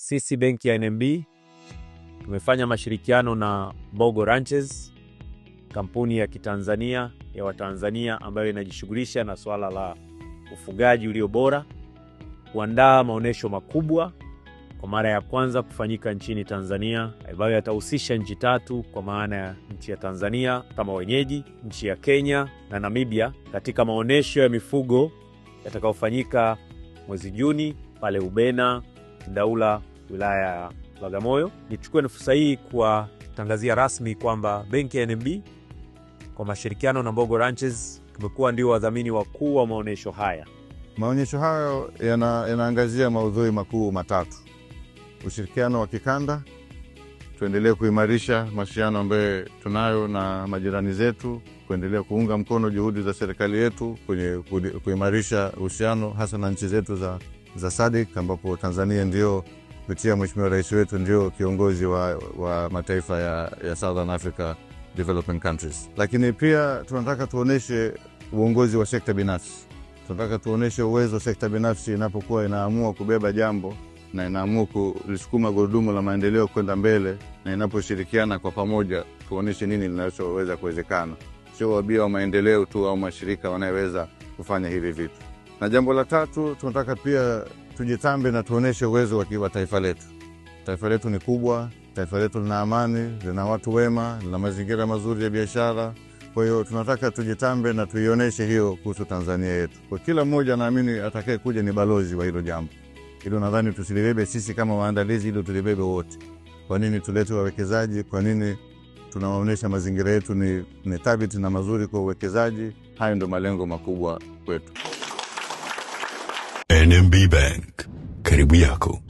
Sisi benki ya NMB tumefanya mashirikiano na bogo Ranches, kampuni ya kitanzania ya Watanzania ambayo inajishughulisha na swala la ufugaji ulio bora, kuandaa maonyesho makubwa kwa mara ya kwanza kufanyika nchini Tanzania ambayo yatahusisha nchi tatu kwa maana ya nchi ya Tanzania kama wenyeji, nchi ya Kenya na Namibia katika maonyesho ya mifugo yatakayofanyika mwezi Juni pale Ubena. Kidaula, wilaya ya Bagamoyo. Nichukue fursa hii kuwatangazia rasmi kwamba benki ya NMB kwa mashirikiano na Mbogo Ranches kimekuwa ndio wadhamini wakuu wa maonyesho haya. Maonyesho hayo yanaangazia maudhui makuu matatu: ushirikiano wa kikanda, tuendelee kuimarisha mahusiano ambayo tunayo na majirani zetu, kuendelea kuunga mkono juhudi za serikali yetu kwenye kuimarisha uhusiano hasa na nchi zetu za za SADC ambapo Tanzania ndio kupitia Mheshimiwa Rais wetu ndio kiongozi wa, wa mataifa ya, ya Southern Africa Development Countries. Lakini pia tunataka tuoneshe uongozi wa sekta binafsi, tunataka tuoneshe uwezo wa sekta binafsi inapokuwa inaamua kubeba jambo na inaamua kulisukuma gurudumu la maendeleo kwenda mbele, na inaposhirikiana kwa pamoja, tuoneshe nini linachoweza kuwezekana, sio wabia wa maendeleo tu au mashirika wanayeweza kufanya hivi vitu. Na jambo la tatu tunataka pia tujitambe na tuoneshe uwezo wa taifa letu. Taifa letu ni kubwa, taifa letu lina amani, lina watu wema, lina mazingira mazuri ya biashara. Kwa hiyo tunataka tujitambe na tuioneshe hiyo kuhusu Tanzania yetu. Kwa kila mmoja naamini atakaye kuja ni balozi wa hilo jambo. Hilo nadhani tusilibebe sisi kama waandalizi, hilo tulibebe wote. Kwa nini tulete wawekezaji? Kwa nini tunawaonyesha mazingira yetu ni, ni thabiti na mazuri kwa uwekezaji? Hayo ndo malengo makubwa kwetu. NMB Bank. Karibu yako.